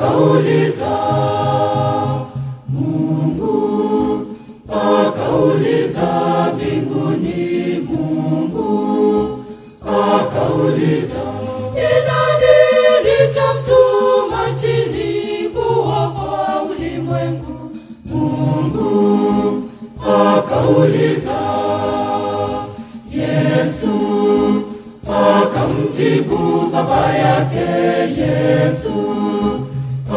akauliza Mungu akauliza mbinguni Mungu akauliza akauliza Yesu akamjibu baba yake Yesu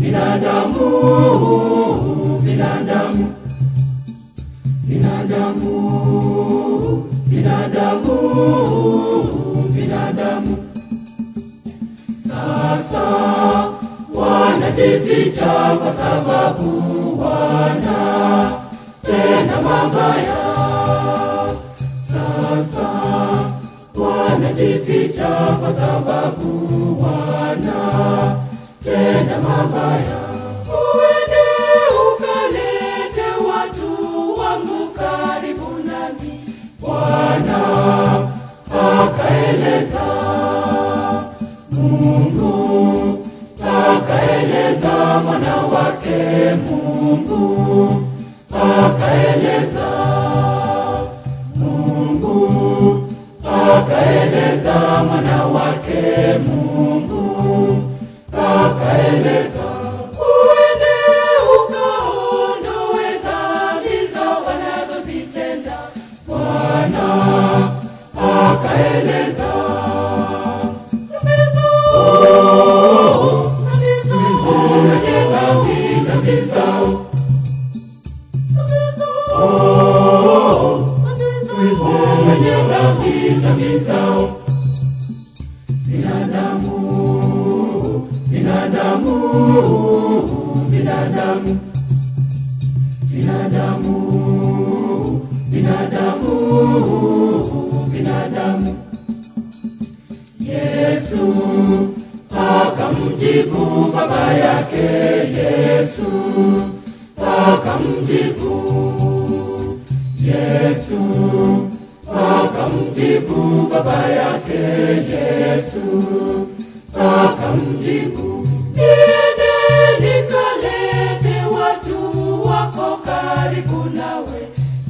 binadamu, binadamu, binadamu, binadamu, binadamu, binadamu. Sasa wanajificha kwa sababu wana tena mabaya wamejificha kwa sababu wanatenda mabaya. Uende ukalete watu wangu karibu nami, Bwana akaeleza, Mungu akaeleza, mwana wake Mungu akaeleza binadamu binadamu binadamu binadamu binadamu binadamu Yesu akamjibu baba yake Yesu akamjibu Yesu akamjibu baba yake Yesu, akamjibu nendeni kalete watu wako karibu nawe.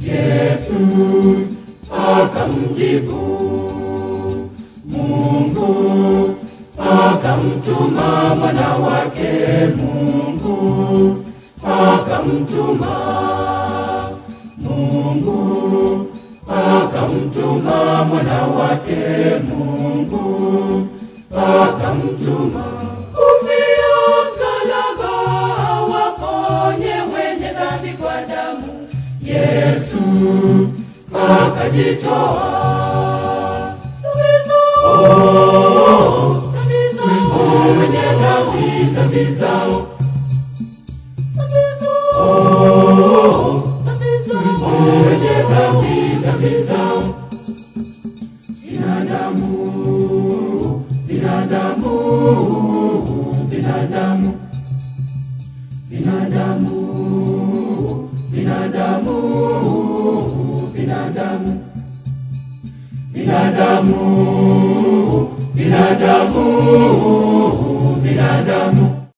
Yesu akamjibu Mungu akamtuma mwana wake Mungu akamtuma Mungu akamtuma mwana wake Mungu akamtuma kufia msalaba awaponye wenye dhambi kwa damu. Yesu akajitoa oh, oh, oh, oh, oh, kabisa binadamu binadamu binadamu binadamu binadamu binadamu binadamu binadamu binadamu